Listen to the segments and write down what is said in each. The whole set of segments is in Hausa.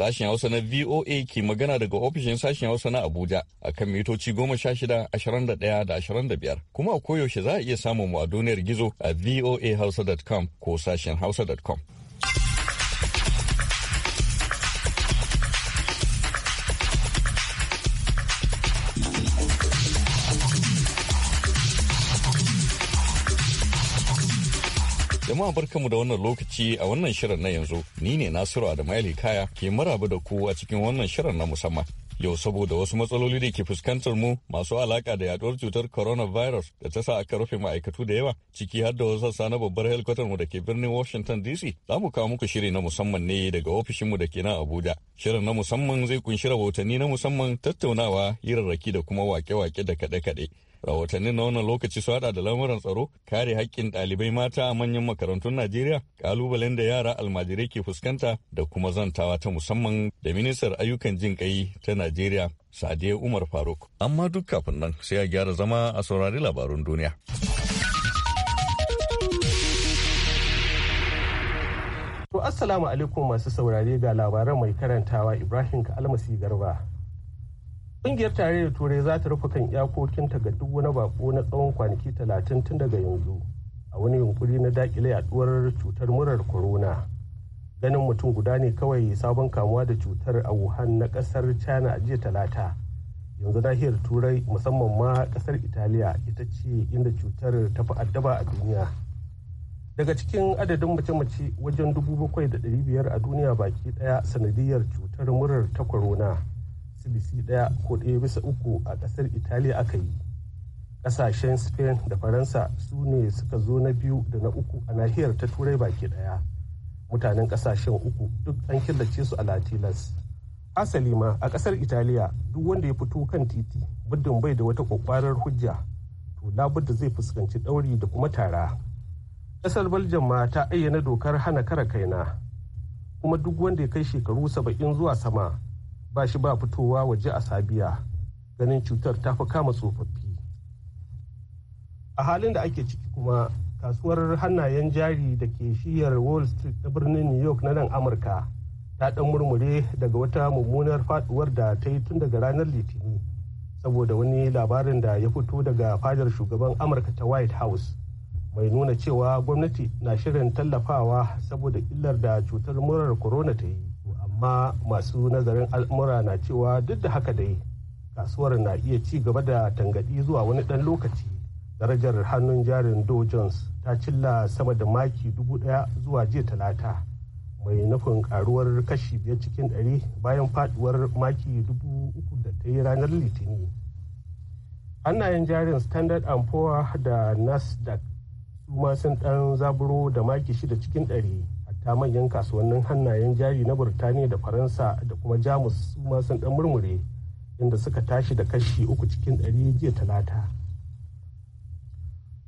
Sashen Hausa na VOA ke magana daga ofishin sashen Hausa na Abuja a kan mitoci goma sha shida, ashirin da ɗaya da ashirin da biyar. Kuma a koyaushe za a iya samun mu a duniyar gizo a hausa.com ko sashen hausa.com. Jama'a barkamu da wannan lokaci a wannan shirin na yanzu. Ni ne Nasiru Adamu Kaya ke maraba da ku a cikin wannan shirin na musamman. Yau saboda wasu matsaloli da ke fuskantar mu masu alaka da yaduwar cutar coronavirus da ta sa aka rufe ma'aikatu da yawa ciki har da wasu sassa na babbar helikwatar mu da ke birnin Washington DC za mu kawo muku shiri na musamman ne daga ofishin mu da ke nan Abuja. Shirin na musamman zai kunshi rahotanni na musamman tattaunawa hirarraki da kuma wake-wake da kade kaɗe rahotannin na wannan lokaci su hada da lamuran tsaro kare haƙƙin ɗalibai mata a manyan makarantun najeriya ƙalubalen da yara almajirai ke fuskanta da kuma zantawa ta musamman da ministar ayyukan jin ƙai ta najeriya sadiya umar faruk amma duk kafin nan sai a gyara zama a saurari labarun duniya To assalamu alaikum masu saurare ga labaran mai karantawa Ibrahim Almasi Garba. Ƙungiyar tarayyar Turai za ta rufe kan iyakokinta ga duk wani bako na tsawon kwanaki talatin tun daga yanzu a wani yunkuri na dakile yaduwar cutar murar corona. Ganin mutum guda ne kawai sabon kamuwa da cutar a Wuhan na kasar China a jiya talata. Yanzu nahiyar Turai musamman ma kasar Italiya ita ce inda cutar ta fi addaba a duniya. Daga cikin adadin mace-mace wajen dubu bakwai da ɗari biyar a duniya baki ɗaya sanadiyar cutar murar ta corona. silisi ɗaya ko ɗaya bisa uku a ƙasar italiya aka yi ƙasashen spain da faransa su ne suka zo na biyu da na uku a nahiyar ta turai baki ɗaya mutanen ƙasashen uku duk an killace su a latilas asali ma a ƙasar italiya duk wanda ya fito kan titi muddin bai da wata kwakwarar hujja to labudda zai fuskanci ɗauri da kuma tara ƙasar belgium ma ta ayyana dokar hana kara kaina kuma duk wanda ya kai shekaru saba'in zuwa sama ba shi ba fitowa waje a sabiya ganin cutar ta fi kama tsofaffi a halin da ake ciki kuma kasuwar hannayen jari da ke shiyar wall street ta birnin new york na nan amurka ta dan murmure daga wata mummunar faduwar da ta yi tun daga ranar Litinin, saboda wani labarin da ya fito daga fadar shugaban amurka ta white house mai nuna cewa gwamnati na shirin tallafawa saboda illar da cutar murar corona ta yi amma masu nazarin al'amura na cewa duk da haka dai kasuwar na iya ci gaba da tangadi zuwa wani ɗan lokaci darajar hannun jarin dow jones ta cilla sama da maki dubu ɗaya zuwa jiya talata mai nufin karuwar kashi biyar cikin ɗari bayan faduwar maki dubu uku da ta yi ranar litini hannayen jarin standard and poor da nasdaq su ma sun ɗan zaburo da maki shida cikin ɗari ta manyan kasuwannin hannayen jari na burtaniya da faransa da kuma jamus su sun dan murmure inda suka tashi da kashi uku cikin ɗari jiya talata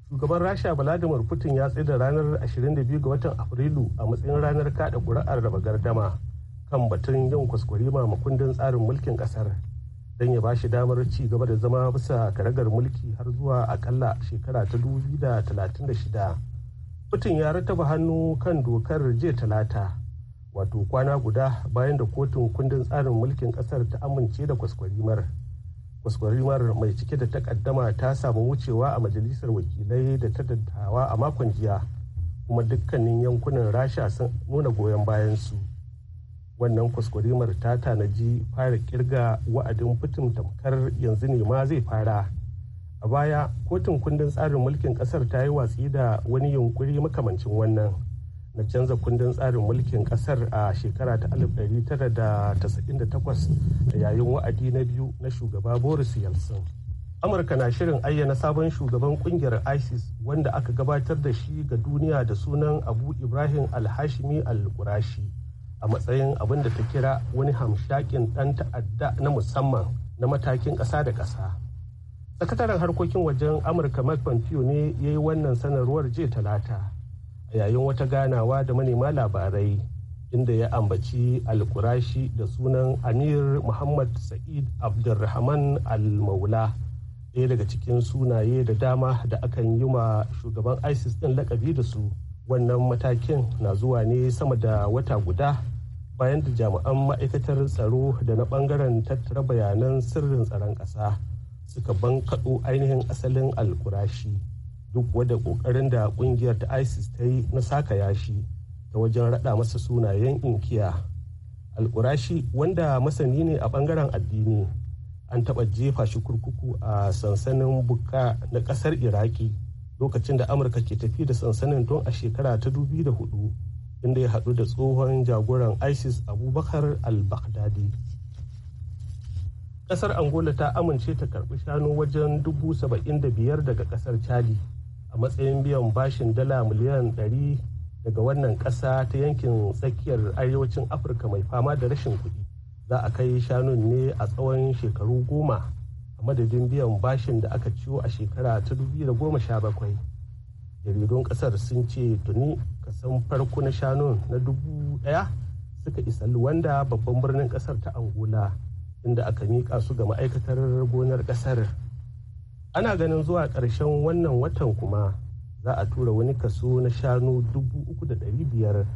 shugaban rasha vladimir putin ya tsaye da ranar 22 ga watan afrilu a matsayin ranar kada kuri'ar raba gardama kan batun yin kuskure ma kundin tsarin mulkin ƙasar don ya ba shi damar ci gaba da zama bisa karagar mulki har zuwa akalla shekara ta 2036 Putin ya rataba hannu kan dokar jiya talata wato kwana guda bayan da kotun kundin tsarin mulkin kasar ta amince da kwaskwarimar. Kwaskwarimar mai cike da takaddama ta samu wucewa a majalisar wakilai da ta dattawa a makon jiya kuma dukkanin yankunan rasha sun nuna goyon bayan su. Wannan kwaskwarimar ta tanaji fara kirga wa'adin Putin tamkar yanzu ne ma zai fara. a baya kotun kundin tsarin mulkin kasar ta yi watsi da wani yunkuri makamancin wannan na canza kundin tsarin mulkin kasar a shekara ta 1998 yayin wa'adi na biyu na shugaba boris yeltsin amurka na shirin ayyana sabon shugaban kungiyar isis wanda aka gabatar da shi ga duniya da sunan abu ibrahim alhashimi al-qurashi a matsayin abin da ta kira wani hamshakin ɗan ta'adda na musamman na matakin ƙasa da ƙasa sakataren harkokin wajen amurka mike pompeo ne ya yi wannan sanarwar jiya talata a yayin wata ganawa da manema labarai inda ya ambaci alkurashi da sunan amir muhammad sa'id abdulrahman al-maula ɗaya daga cikin sunaye da dama da akan yi ma shugaban isis ɗin lakabi da su wannan matakin na zuwa ne sama da wata guda bayan da jami'an ma'aikatar tsaro da na ɓangaren tattara bayanan sirrin tsaron ƙasa suka bankaɗo ainihin asalin alkurashi duk wadda ƙoƙarin da ƙungiyar ta isis ta yi na saka yashi ta wajen raɗa masa sunayen inkiya alkurashi wanda masani ne a ɓangaren addini an taɓa jefa shi kurkuku a sansanin bukka na ƙasar iraki lokacin da amurka ke tafi da sansanin tun a shekara ta dubi da hudu inda ya haɗu da tsohon jagoran isis abubakar al-baghdadi kasar angola ta amince ta karbi shanu wajen dubu saba'in da biyar daga kasar chadi a matsayin biyan bashin dala miliyan ɗari daga wannan ƙasa ta yankin tsakiyar arewacin afirka mai fama da rashin kuɗi za a kai shanun ne a tsawon shekaru goma a madadin biyan bashin da aka ciwo a shekara ta goma sha bakwai jaridun ƙasar sun ce tuni kasan farko na shanun na dubu ɗaya suka isa luwanda babban birnin ƙasar ta angola inda aka miƙa su ga ma'aikatar gonar ƙasar ana ganin zuwa ƙarshen wannan watan kuma za a tura wani kaso na shanu dubu uku da ɗari biyar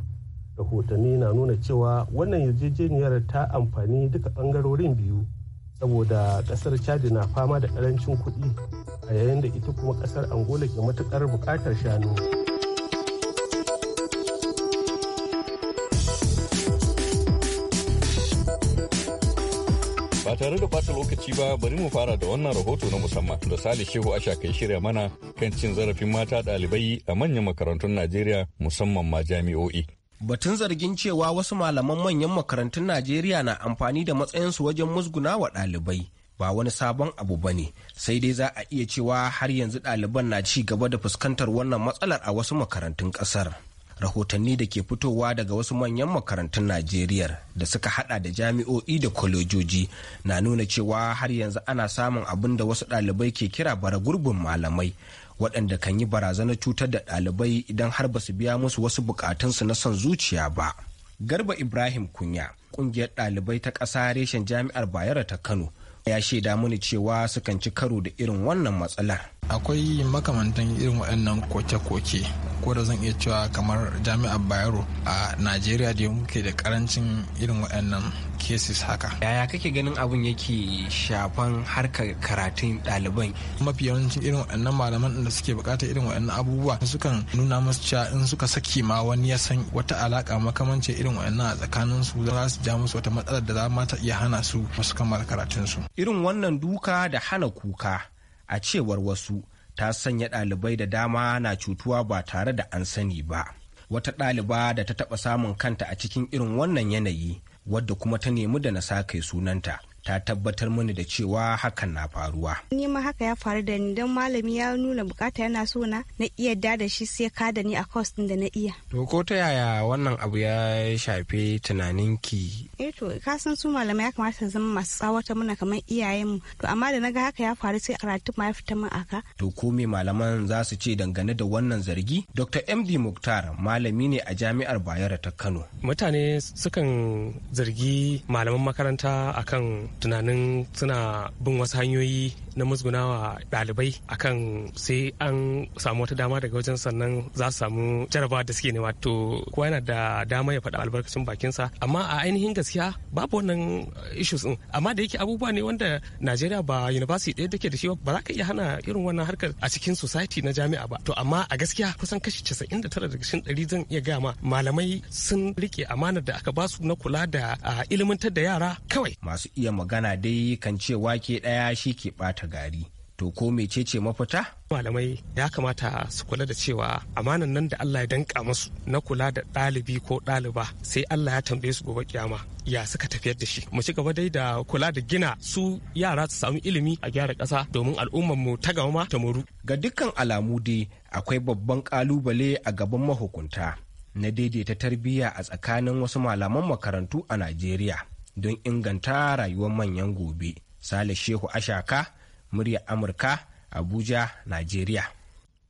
rahotanni na nuna cewa wannan yarjejeniyar ta amfani duka ɓangarorin biyu saboda ƙasar chadi na fama da ƙarancin kuɗi a yayin da ita kuma ƙasar angola ke matuƙar buƙatar shanu. Ba tare da bata lokaci ba bari mu fara da wannan rahoto na musamman da sali Shehu Asha kai shirya mana kan cin zarafin mata ɗalibai a manyan makarantun Najeriya musamman ma jami'o'i. Batun zargin cewa wasu malaman manyan makarantun Najeriya na amfani da matsayinsu wajen musguna wa ɗalibai ba wani sabon abu ba ne sai dai za a iya cewa har yanzu ɗaliban na ci gaba da fuskantar wannan matsalar a wasu makarantun ƙasar. rahotanni da ke fitowa daga wasu manyan makarantun najeriya da suka hada da jami'o'i da kwalejoji na nuna cewa har yanzu ana samun abin da wasu ɗalibai ke kira bara gurbin malamai waɗanda kan yi barazanar cutar da ɗalibai idan har ba su biya musu wasu bukatunsu na son zuciya ba garba ibrahim kunya ƙungiyar ɗalibai ta ƙasa reshen jami'ar bayero ta kano ya shaida mini cewa sukan ci karo da irin wannan matsalar akwai makamantan irin waɗannan koke-koke ko da zan iya cewa kamar jami'ar bayero a najeriya da muke da karancin irin waɗannan cases haka yaya kake ganin abun yake shafan harkar karatun ɗaliban mafi yawancin irin waɗannan malaman da suke bukatar irin waɗannan abubuwa sukan nuna musu cewa in suka saki ma wani ya san wata alaka makamancin irin waɗannan a tsakanin su za su ja musu wata matsalar da za ma ta iya hana su su kammala karatun su irin wannan duka da hana kuka a cewar wasu ta sanya ɗalibai da dama na cutuwa ba tare da an sani ba wata ɗaliba da ta taɓa samun kanta a cikin irin wannan yanayi wadda kuma ta nemi da na sa kai sunanta ta tabbatar mani da cewa hakan na faruwa. Ni ma haka ya faru da ni don malami ya nuna bukata yana so na na iya da da shi sai ka da ni a cost din da na iya. To ko ta yaya wannan abu ya shafe tunaninki? Eh to ka san su malamai ya kamata su zama masu tsawata mana kamar iyayen mu. To amma da naga haka ya faru sai karatu ma ya fita min aka. To ko me malaman za su ce dangane da wannan zargi? Dr. MD Muktar malami ne a jami'ar Bayero ta Kano. Mutane sukan zargi malaman makaranta akan tunanin suna bin wasu hanyoyi na musgunawa ɗalibai akan sai an samu wata dama daga wajen sannan za su samu jarabawa da suke nema to kowa yana da dama ya faɗa albarkacin bakinsa amma a ainihin gaskiya babu wannan issues din amma da yake abubuwa ne wanda Najeriya ba university ɗaya take da shi ba za ka iya hana irin wannan harkar a cikin society na jami'a ba to amma a gaskiya kusan kashi 99 daga cikin ɗari zan iya gama malamai sun rike amanar da aka basu na kula da ilimantar da yara kawai masu iya magana dai kan ce wake ɗaya shi ke ɓata gari to ko mecece mafita malamai ya kamata su kula da cewa amanan nan da Allah ya danka masu na kula da ɗalibi ko ɗaliba sai Allah ya tambaye su gobe kyama ya suka tafiyar da shi mu ci gaba dai da kula da gina su yara su samu ilimi a gyara ƙasa domin al'ummar mu ta gama ta muru ga dukkan alamu dai akwai babban ƙalubale a gaban mahukunta na daidaita tarbiyya a tsakanin wasu malaman makarantu a Najeriya don inganta rayuwar manyan gobe Sale Shehu Ashaka murya amurka abuja najeriya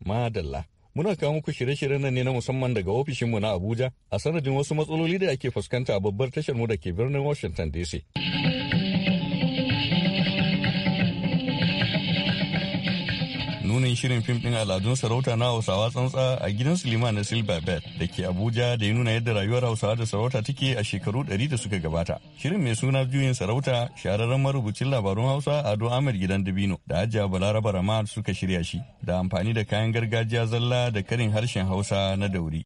madalla muna kawo muku shirye-shiryen nan ne na musamman daga ofishinmu na abuja a sanadin wasu matsaloli da ake fuskanta a babbar tashar mu da ke birnin washington dc nunin shirin fim din al'adun sarauta na hausawa tsantsa a gidan silima na bed da ke abuja da ya nuna yadda rayuwar hausawa da sarauta take a shekaru 100 da suka gabata shirin mai suna juyin sarauta shahararren marubucin labarun hausa ado ahmed gidan dabino da hajiya balaraba ramad suka shirya shi da amfani da kayan gargajiya zalla da karin harshen hausa na dauri.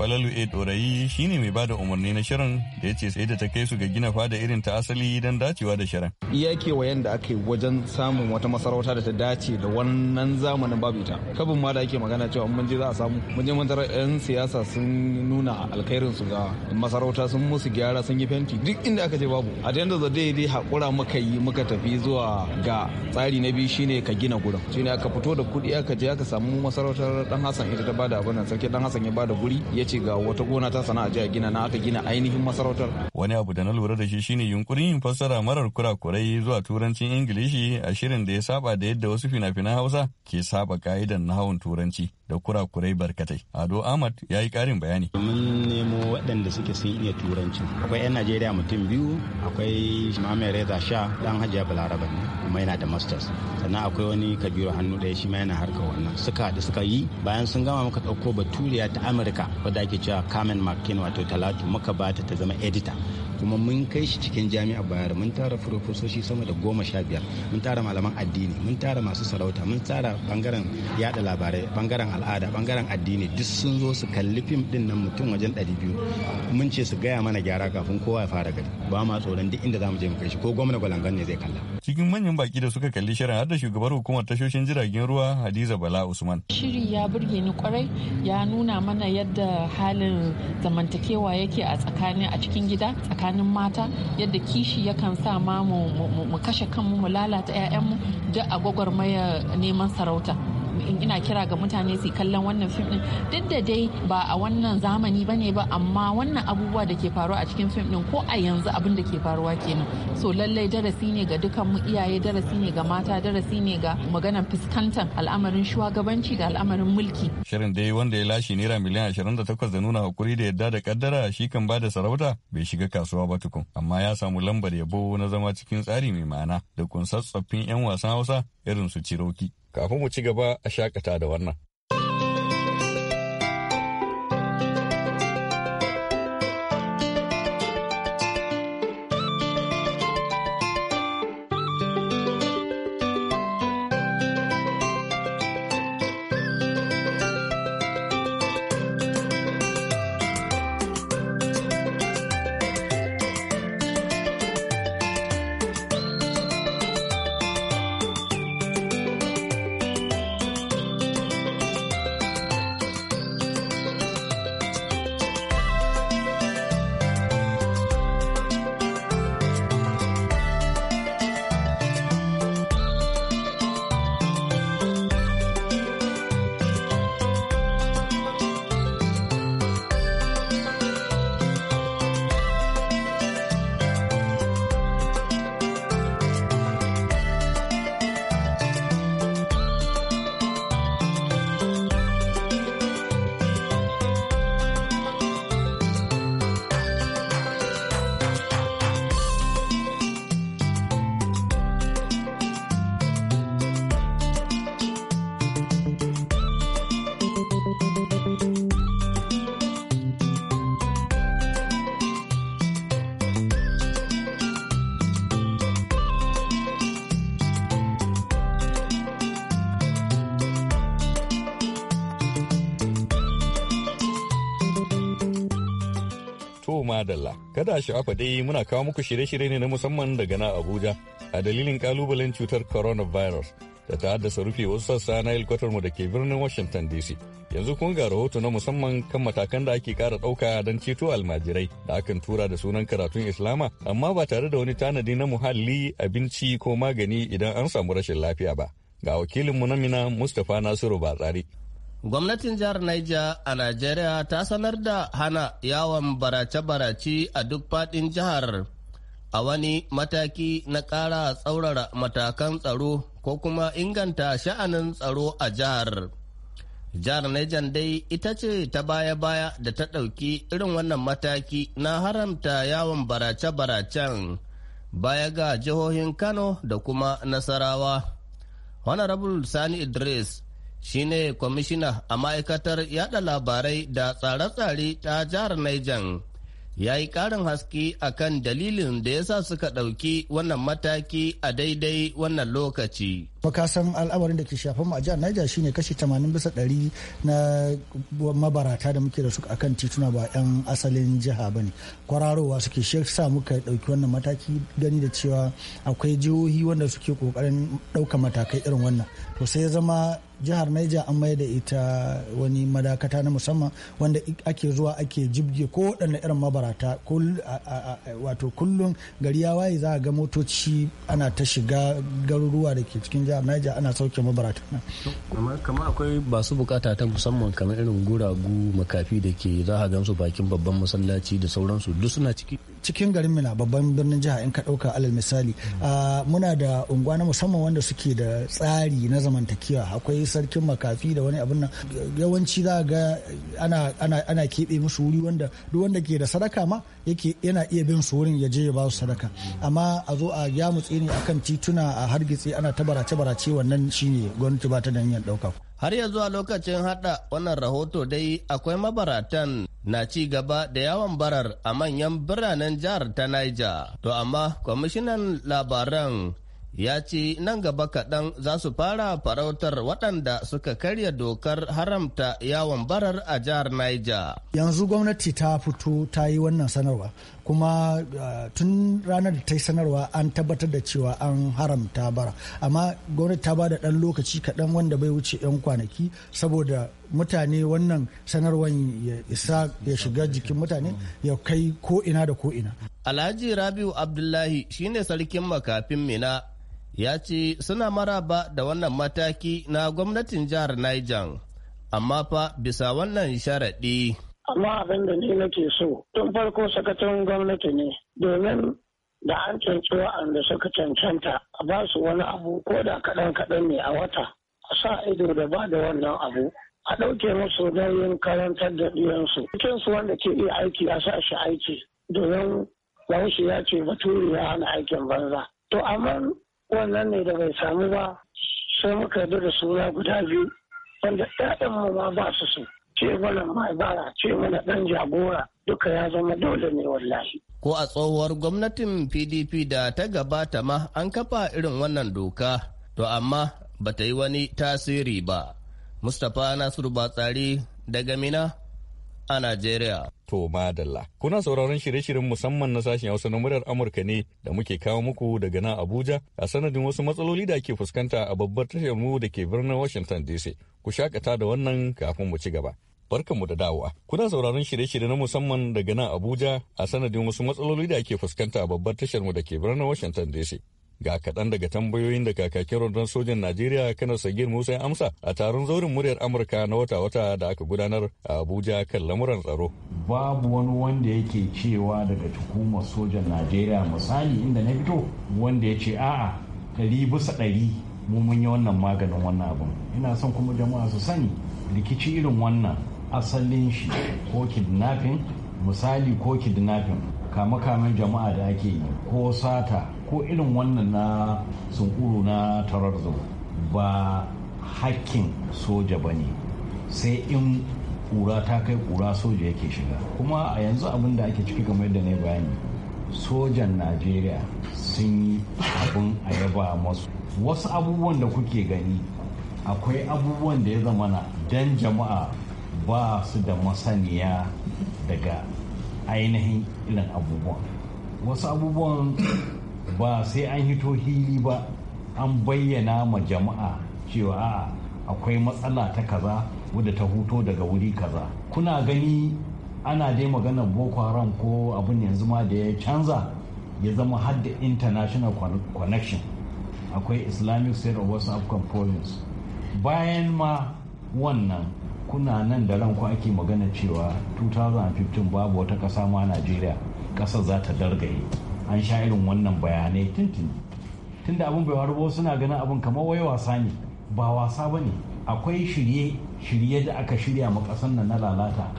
Falalu A. E Dorayi shine mai bada umarni na shirin da ya ce sai da ta kai su ga gina fada irin ta asali don dacewa da shirin. Iya kewayen da aka yi wajen samun wata masarauta da ta dace da wannan zamanin babu ita. Kabin ma da ake magana cewa mun je za a samu mun je mantar 'yan siyasa sun nuna alkhairin su ga masarauta sun musu gyara sun yi fenti duk inda aka je babu. A da dai daidai hakura muka yi muka tafi zuwa ga tsari na biyu shine ka gina gurin. Shine aka fito da kuɗi aka je aka samu masarautar Dan Hassan ita ta bada abin nan sarki Dan Hassan ya bada guri ya ce ga wata gona ta sana'a jiya gina na aka gina ainihin masarautar wani abu da na lura da shi shine yunkurin yin fassara marar kurakurai zuwa turancin ingilishi a shirin da ya saba da yadda wasu fina-finan hausa ke saba ka'idan nahawun turanci da kurakurai barkatai. Ado Ahmad ya yi ƙarin bayani. Mun nemo waɗanda suke sun iya turanci. Akwai 'yan Najeriya mutum biyu, akwai Mame Reza Sha ɗan Hajiya Balaraba ne, kuma yana da masters. Sannan akwai wani Kabiru hannu ɗaya shi ma yana harkar wannan. Suka da suka yi bayan sun gama muka ɗauko baturiya ta Amurka wadda ake cewa Carmen McCain wato Talatu muka bata ta zama editor. kuma mun kai shi cikin jami'a bayar mun tara furofesoshi sama da goma sha biyar mun tara malaman addini mun tara masu sarauta mun tara bangaren yada labarai bangaren al'ada bangaren addini duk sun zo su kalli fim din nan mutum wajen ɗari biyu mun ce su gaya mana gyara kafin kowa ya fara gari ba ma tsoron duk inda za mu je mu kai shi ko gwamna gwalangan ne zai kalla. cikin manyan baki da suka kalli shirin har da shugabar hukumar tashoshin jiragen ruwa hadiza bala usman. shiri ya burge ni kwarai ya nuna mana yadda halin zamantakewa yake a tsakanin a cikin gida tsakanin mata yadda kishi yakan sa ma mu kashe kanmu mu lalata 'ya'yanmu duk a gwagwarmaya neman sarauta in ina kira ga mutane su kallon wannan fim din duk da dai ba a wannan zamani bane ba amma wannan abubuwa da ke faruwa a cikin fim din ko a yanzu abin da ke faruwa kenan so lallai darasi ne ga dukkan mu iyaye darasi ne ga mata darasi ne ga maganar fuskantar al'amarin shugabanci da al'amarin mulki shirin dai wanda ya lashe naira miliyan 28 da nuna hakuri da yadda da kaddara shi kan bada sarauta bai shiga kasuwa ba tukun amma ya samu lambar yabo na zama cikin tsari mai ma'ana da kunsar tsoffin 'yan wasan hausa irin su ciroki Kafin mu ci gaba a shakata da wannan. madalla. Kada a sha'afa dai muna kawo muku shirye-shirye ne na musamman daga na Abuja a dalilin kalubalen cutar coronavirus da ta haddasa rufe wasu sassa na mu da ke birnin Washington DC. Yanzu kun ga rahoto na musamman kan matakan da ake kara ɗauka don ceto almajirai da akan tura da sunan karatun Islama amma ba tare da wani tanadi na muhalli, abinci ko magani idan an samu rashin lafiya ba. Ga wakilinmu na Mina Mustapha Nasiru Batsari Gwamnatin jihar Niger a Najeriya ta sanar da hana yawon barace-barace a duk faɗin jihar a wani mataki na ƙara tsaurara matakan tsaro ko kuma inganta sha'anin tsaro a jihar. Jihar Niger dai ita ce ta baya-baya da ta ɗauki irin wannan mataki na haramta yawon barace-baracen baya ga jihohin Kano da kuma Nasarawa. Honorable Sani Idris shine kwamishina a ma'aikatar yada labarai da tsare-tsare ta jihar Niger. ya yi ƙarin haske akan dalilin da ya sa suka ɗauki wannan mataki a daidai wannan lokaci. makasan al'amarin da ke shafan mu a jihar Niger shine kashi 80 bisa 100 na mabarata da muke da su a kan tituna ba yan asalin jiha ba ne kwararowa suke sa muka ɗauki wannan mataki gani da cewa akwai jihohi wanda suke kokarin ɗauka matakai irin wannan to sai zama jihar Niger an mai da ita wani madakata na musamman wanda ake zuwa ake jibge ko waɗanne irin mabarata wato kullum gari ya waye za a ga motoci ana ta shiga garuruwa da ke cikin jihar Niger ana sauke mabarata Kamar akwai basu bukata ta musamman kamar irin guragu makafi da ke za a gamsu bakin babban masallaci da sauransu duk suna ciki. Cikin garin Mina babban birnin jiha in ka ɗauka alal misali hmm. muna da unguwa na musamman wanda suke da tsari na zamantakewa akwai sarkin makafi da wani abin nan yawanci za ga ana keɓe musu wuri wanda duk wanda ke da sadaka ma yake yana iya bin su wurin ya je ya ba su sadaka amma a zo a ya mutsi ne akan tituna a hargitsi ana ta barace barace wannan shine gwamnati ba ta da hanyar dauka har ya zuwa lokacin hada wannan rahoto dai akwai mabaratan na ci gaba da yawan barar a manyan biranen jihar ta Niger to amma kwamishinan labaran ya ce nan gaba kaɗan za su fara farautar waɗanda suka karya dokar haramta yawon barar a jihar Niger. Yanzu gwamnati ta fito ta yi wannan sanarwa kuma uh, tun ranar da ta yi sanarwa an tabbatar da cewa an haramta bara amma gwamnati ta ba da ɗan lokaci kaɗan wanda bai wuce 'yan kwanaki saboda mutane wannan sanarwar ya isa ya shiga jikin mutane ya kai ko ina da ko ina. Alhaji Rabiu Abdullahi shine sarkin makafin Mina ya ce suna maraba da wannan mataki na gwamnatin jihar Niger, amma fa bisa wannan sharaɗi. Amma abin da ni nake so, tun farko sakataren gwamnati ne, domin da an canci wa'anda suka cancanta a ba su wani abu ko da kaɗan-kaɗan ne a wata, a sa ido da ba da wannan abu. a ɗauke musu nauyin karantar da ɗiyansu. su wanda ke iya aiki a sa shi aiki domin Bahaushe ya ce bature ya hana aikin banza. To amma wannan ne da bai samu ba sai muka yarda da suna guda biyu wanda ɗaɗan mu ma ba su so ce mana mai bara ce mana ɗan jagora duka ya zama dole ne wallahi. Ko a tsohuwar gwamnatin PDP da ta gabata ma an kafa irin wannan doka to amma ba ta yi wani tasiri ba. Mustapha Nasiru Batsari daga Mina a Najeriya. To madalla. Kuna sauraron shirye-shiryen musamman na sashen Hausa na muryar Amurka ne da muke kawo muku daga nan Abuja a sanadin wasu matsaloli da ake fuskanta a babbar tashar mu da ke birnin Washington DC. Ku shakata da wannan kafin mu ci gaba. barkanmu da dawowa. Kuna sauraron shirye-shirye na musamman daga nan Abuja a sanadin wasu matsaloli da ake fuskanta a babbar tashar mu da ke birnin Washington DC. Ga kaɗan daga tambayoyin da kakakin rundun sojan Najeriya kanar Sagir Musa ya amsa a taron zaurin muryar Amurka na wata-wata da aka gudanar a Abuja kan lamuran tsaro. Babu wani wanda yake cewa daga hukumar sojan Najeriya misali inda na fito wanda ya ce a'a ɗari bisa ɗari mu mun yi wannan maganin wannan abin. Ina son kuma jama'a su sani rikici irin wannan asalin shi ko kidnapping misali ko kidnapping kame-kamen jama'a da ake yi ko sata ko irin wannan na sunkuru na terrorism ba hakkin soja ba ne sai in kura ta kai kura soja yake shiga kuma a yanzu abin da ake ciki game da ne bayani sojan najeriya sun yi abin a yaba masu wasu abubuwan da kuke gani akwai abubuwan da ya zamana dan jama'a ba su da masaniya daga ainihin irin abubuwan wasu abubuwan ba sai an hito hili ba an bayyana ma jama'a cewa a'a akwai matsala ta kaza wadda ta huto daga wuri kaza kuna gani ana dai maganar boko haram ko abin yanzu ma da ya canza ya zama hadda international connection akwai islamic state of west african province bayan ma wannan kuna nan da ranku ake magana cewa 2015 babu wata kasa ma najeriya kasa za ta dargaye an sha irin wannan bayanai tuntuni tunda abin bai faru suna ganin abin kamar wai wasa ne ba wasa ba ne akwai shirye shirye da aka shirya ma kasan nan na lalata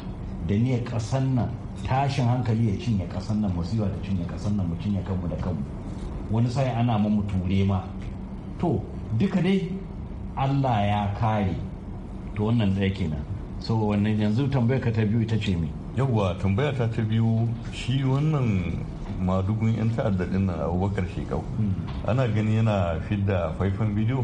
da ne kasan nan tashin hankali ya cinye kasan nan musiba da cinye kasan nan mu cinye kanmu da kanmu wani sai ana ma mu ture ma to duka dai Allah ya kare to wannan da yake na so wannan yanzu tambayar ka ta biyu ita ce me yawwa tambaya ta ta biyu shi wannan madugun 'yan ta'adda din nan abubakar shekau hmm. ana gani yana fidda faifan bidiyo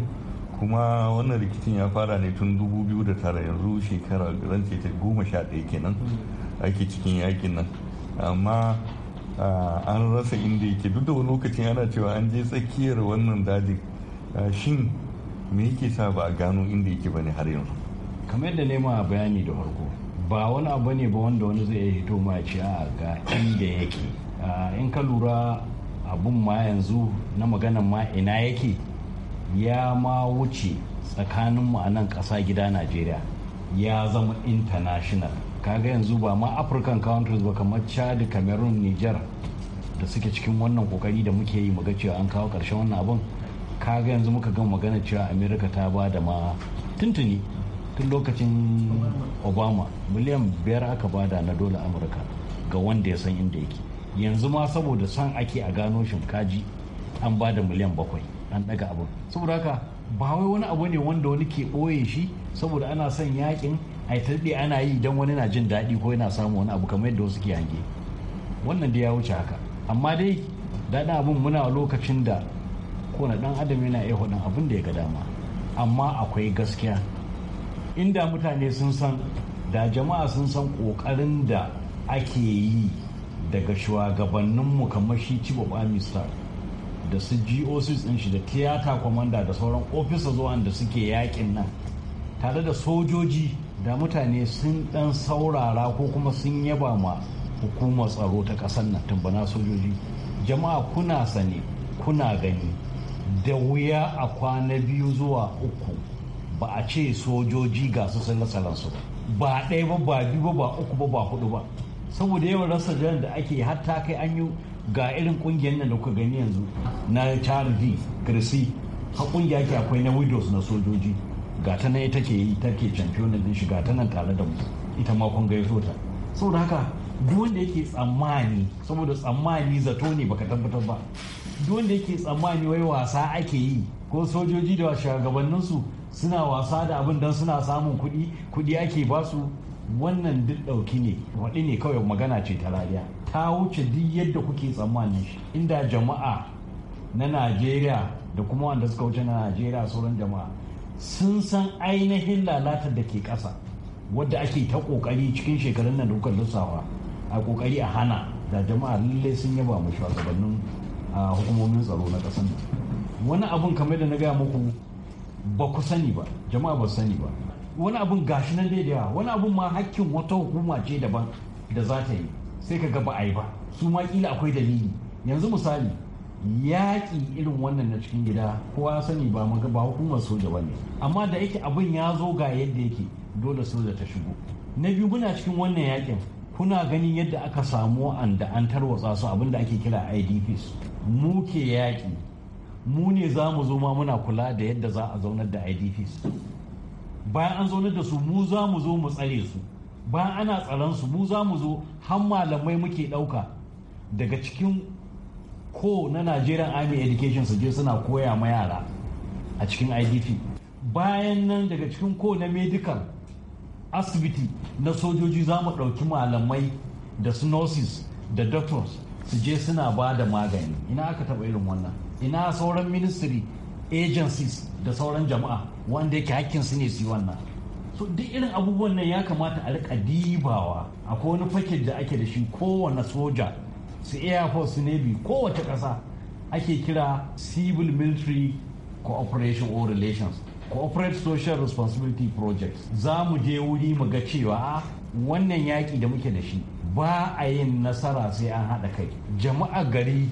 kuma wannan rikicin ya fara ne tun 2009 yanzu shekara rance ta goma sha ɗaya kenan hmm. ake cikin yakin nan amma an rasa inda yake duk da wani lokacin ana cewa an je tsakiyar wannan dajin shin me yake sa ba a gano inda yake bane har yanzu kamar yadda nema bayani da farko ba wani abu ne ba wanda wani zai hito ma ce a ga inda yake Eh, in ka lura abun ma yanzu na maganan ma ina yake ya ma wuce tsakaninmu a nan ƙasa gida najeriya ya zama international kaga yanzu ba ma african countries ba kamar chad cameroon niger da suke cikin wannan kokari da muke yi muga cewa an kawo ƙarshen wannan abun kaga yanzu muka gan magana cewa america ta ba da ma tuntuni tun lokacin obama miliyan biyar aka bada na dole amurka ga wanda ya san inda yake yanzu ma saboda san ake a gano shinkaji an ba da miliyan bakwai an daga abu saboda haka ba wai wani abu ne wanda wani ke ɓoye shi saboda ana son yakin a yi tarɗe ana yi don wani na jin daɗi ko yana samun wani abu kamar yadda wasu ke hange wannan da ya wuce haka amma dai daɗin abin muna lokacin da kona ɗan adam yana iya faɗin abin da ya ga dama amma akwai gaskiya inda mutane sun san da jama'a sun san ƙoƙarin da ake yi daga shugabanninmu kamar shi cibo da su goc din shi da tiyata kwamanda da sauran ofisa zuwan da suke yakin nan tare da sojoji da mutane sun dan saurara ko kuma sun yaba ma hukumar tsaro ta kasar nan tambana sojoji jama'a kuna sani kuna gani da wuya a kwana biyu zuwa uku ba a ce sojoji ga su sun ba ɗaya ba ba biyu ba ba uku ba ba hudu ba saboda yawan rasa jiran da ake hatta kai an yi ga irin kungiyar nan da kuka gani yanzu na charity kirsi ha kungiya ke akwai na widows na sojoji ga ta nan ita ke yi ta ke championin din ga ta nan tare da mu ita ma kun gaiso ta saboda haka duk wanda yake tsammani saboda tsammani zato ne baka tabbatar ba duk wanda yake tsammani wai wasa ake yi ko sojoji da shugabanninsu suna wasa da abin don suna samun kuɗi kuɗi ake basu wannan duk ɗauki ne waɗi ne kawai magana ce ta rariya ta wuce duk yadda kuke tsammanin shi inda jama'a na najeriya da kuma wanda suka wuce na najeriya sauran jama'a sun san ainihin lalatar da ke ƙasa wadda ake ta ƙoƙari cikin shekarun nan da kuka lissawa a ƙoƙari a hana da jama'a lallai sun yaba mu shugabannin hukumomin tsaro na ƙasar wani abun kamar da na gaya muku ba ku sani ba jama'a ba sani ba wani abun gashi nan dai da yawa wani abun ma hakkin wata hukuma ce daban da za ta yi sai ka ga ba a yi ba su ma kila akwai dalili yanzu misali yaƙi irin wannan na cikin gida kowa ya sani ba ba hukumar soja ba ne amma da yake abin ya zo ga yadda yake dole soja ta shigo na biyu muna cikin wannan yaƙin kuna ganin yadda aka samu an da an tarwatsa su abin da ake kira idps mu ke yaƙi mu ne za mu zo ma muna kula da yadda za a zaunar da idps bayan an zaunar da su mu za mu zo mu tsare su bayan ana tsaron su mu za mu zo har malamai muke ɗauka daga cikin ko na nigerian army education su je suna koya ma yara a cikin idp bayan nan daga cikin ko na medical asibiti na sojoji za mu ɗauki malamai da su nurses da doctors su je suna ba da magani ina aka taɓa irin wannan ina sauran ministry agencies da sauran jama'a wanda yake hakkin su ne su yi wannan so duk irin abubuwan nan ya kamata a rika dibawa akwai wani fakir da ake da shi kowane soja su air force su navy kowace ƙasa ake kira civil military cooperation or relations corporate social responsibility project za mu je wuri mu ga cewa wannan yaƙi da muke da shi ba a yin nasara sai an haɗa kai jama'a gari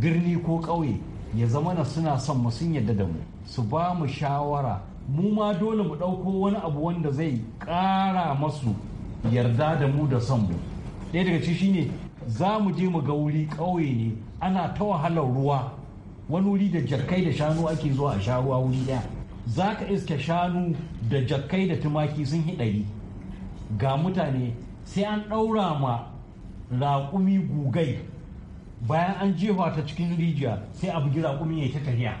birni ko ƙauye ya zama na suna son mu sun yadda da mu su ba mu shawara mu ma dole mu ɗauko wani abu wanda zai ƙara masu yarda da mu da son mu ɗaya daga ci shine za mu je mu ga wuri ƙauye ne ana ta wahalar ruwa wani wuri da jarkai da shanu ake zuwa a sha ruwa wuri ɗaya za ka iska shanu da jarkai da tumaki sun hiɗari ga mutane sai an ɗaura ma raƙumi gugai bayan an jefa ta cikin rijiya sai abu gira kuma ya ta tafiya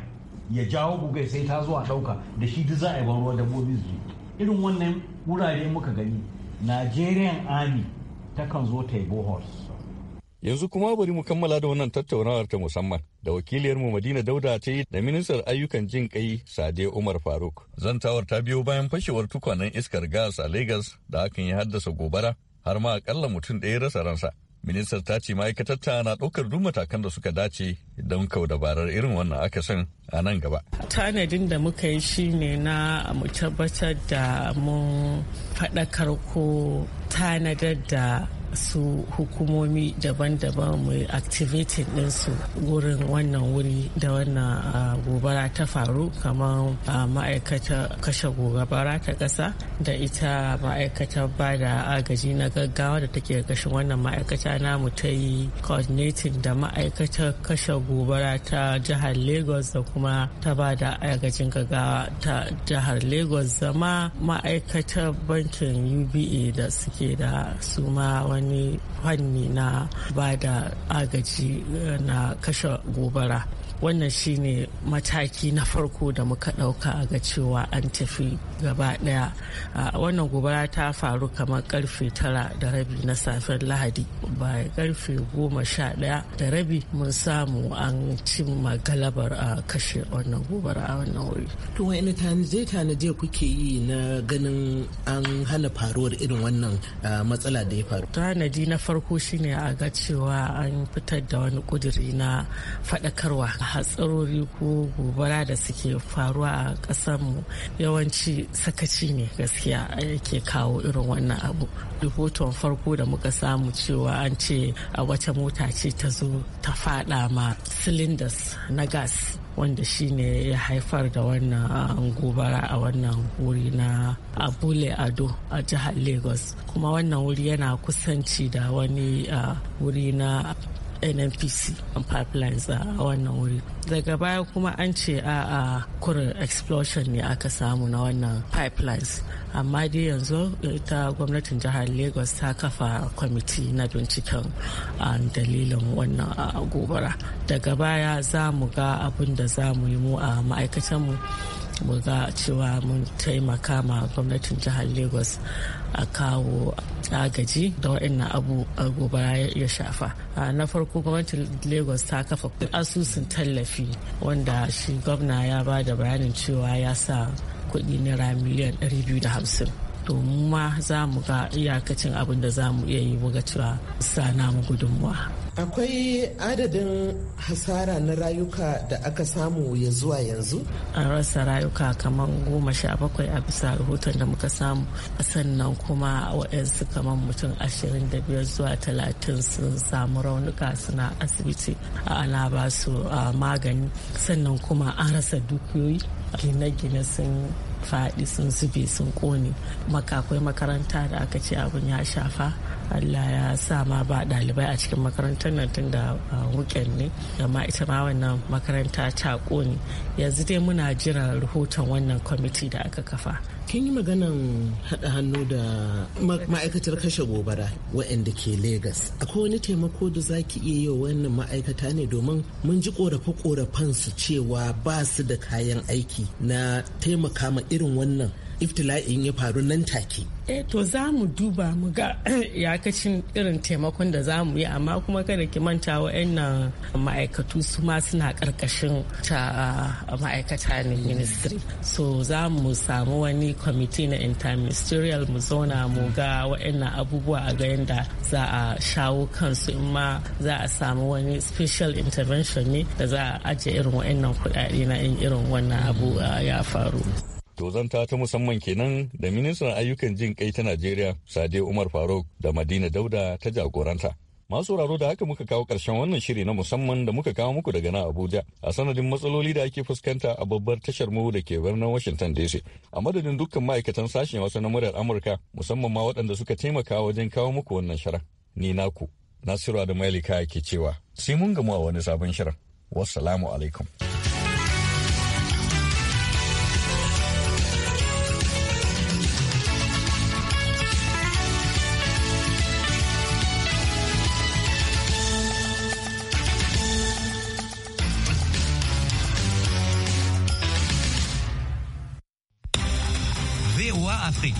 ya jawo bugai sai ta zo a ɗauka da shi duk za a yi ban ruwa dabbobi su irin wannan wurare muka gani nigerian army takan zo ta yi bohols yanzu kuma bari mu kammala da wannan tattaunawar ta musamman da wakiliyar mu Madina Dauda ta yi da ministar ayyukan jin kai Sade Umar Faruk. Zantawar ta biyo bayan fashewar tukwanen iskar gas a Lagos da hakan ya haddasa gobara har ma akalla mutum ɗaya rasa ransa. Ministar ta ce ma'aikatar ta na ɗaukar duk matakan da suka dace don kau dabarar irin wannan aka san a nan gaba. Tanadin da muka yi shi ne na mu tabbatar da mun faɗakar ko tanadar da su hukumomi daban-daban mu activating su gurin wannan wuri da wannan gobara ta faru kamar ma'aikatar kashe gobara ta ƙasa da ita ma'aikatar ba da agaji na gaggawa da take kashin wannan ma'aikata namu ta yi coordinating da ma'aikatar kashe gobara ta jihar lagos da kuma ta ba da agajin gaggawa ta jihar lagos zama ma'aikatar bankin uba da suke da suma wani wani fanni na ba da agaji eh, na kashe gobara wannan shine mataki na farko da muka ɗauka a ga cewa an tafi gaba ɗaya wannan gobara ta faru kamar karfe tara da rabi na safen lahadi ba karfe goma sha ɗaya da rabi mun samu an cimma galabar a kashe wannan gobara a wannan wuri to wani tanaje tanaje kuke yi na ganin an hana faruwar irin wannan matsala da ya faru tanadi na farko shine a ga cewa an fitar da wani kuduri na faɗakarwa hatsarori ko gobara da suke faruwa a mu yawanci sakaci ne gaskiya yake kawo irin wannan abu rahoton farko da muka samu cewa an ce a wata mota ce ta zo ta fada ma cylinders na gas wanda shine ya haifar da wannan gobara a wannan wuri na abule ado a jihar lagos kuma wannan wuri yana kusanci da wani ah, wuri na nnpc pipelines a wannan wuri daga baya kuma an ce a a kurin explosion ne aka samu na wannan pipelines amma dai yanzu ita gwamnatin jihar lagos ta kafa kwamiti na binciken dalilin wannan gobara daga baya za mu ga abin da za mu yi mu a ma'aikatanmu mu ga cewa mun taimaka ma gwamnatin jihar lagos a kawo agaji da waɗannan abu a gobara ya shafa na farko gwamnatin lagos ta kafa asusun tallafi wanda shi gwamna ya ba da bayanin cewa ya sa kuɗi naira miliyan 250 to mu ma za mu ga iyakacin abin da za mu iya yi mu ga cewa sa mu gudunmuwa akwai adadin hasara na rayuka da aka samu ya zuwa yanzu an rasa rayuka kamar goma sha bakwai a bisa rahoton da muka samu sannan kuma waɗansu kamar mutum ashirin da biyar zuwa talatin sun samu raunuka suna asibiti ana ba su ah, magani sannan kuma an rasa dukiyoyi gine-gine sun faɗi sun zube sun ƙone makakwai makaranta da aka ce abin ya shafa allah ya sa ma ba ɗalibai a cikin makarantar nan tun da ah, wuken ne amma ita ma wannan makaranta ta ƙone yanzu dai muna jiran rahoton wannan kwamiti da aka kafa kin yi maganan haɗa hannu da ma'aikatar kashe gobara waɗanda ke Legas. Akwai wani taimako da za ki iya yi wa wannan ma'aikata ne domin mun ji korafe-korafen su cewa ba su da kayan aiki na taimaka ma irin wannan iftila'in ya faru nan take eh to za mu duba mu ga yakacin irin taimakon da za mu yi amma kuma kada ki manta wa'annan ma'aikatu su ma suna karkashin ta ma'aikata ne ministry so za mu samu wani kwamiti na interministerial mu zauna mu ga wa'annan abubuwa a ga yadda za a shawo kansu in ma za a samu wani special intervention ne da za a ajiye irin wa'annan kuɗaɗe na in irin wannan abu ya faru To zanta ta musamman kenan da ministan ayyukan jin kai ta Najeriya Sade Umar Faruk da Madina Dauda ta jagoranta. Masu raro da haka muka kawo ƙarshen wannan shiri na musamman da muka kawo muku daga nan Abuja a sanadin matsaloli da ake fuskanta a babbar tashar mu da ke birnin Washington DC. A madadin dukkan ma'aikatan sashen wasu na muryar Amurka musamman ma waɗanda suka taimaka wajen kawo muku wannan shirin. Ni naku Nasiru Adamu Elika ke cewa sai mun gamu a wani sabon shirin. Wassalamu alaikum. Afrique.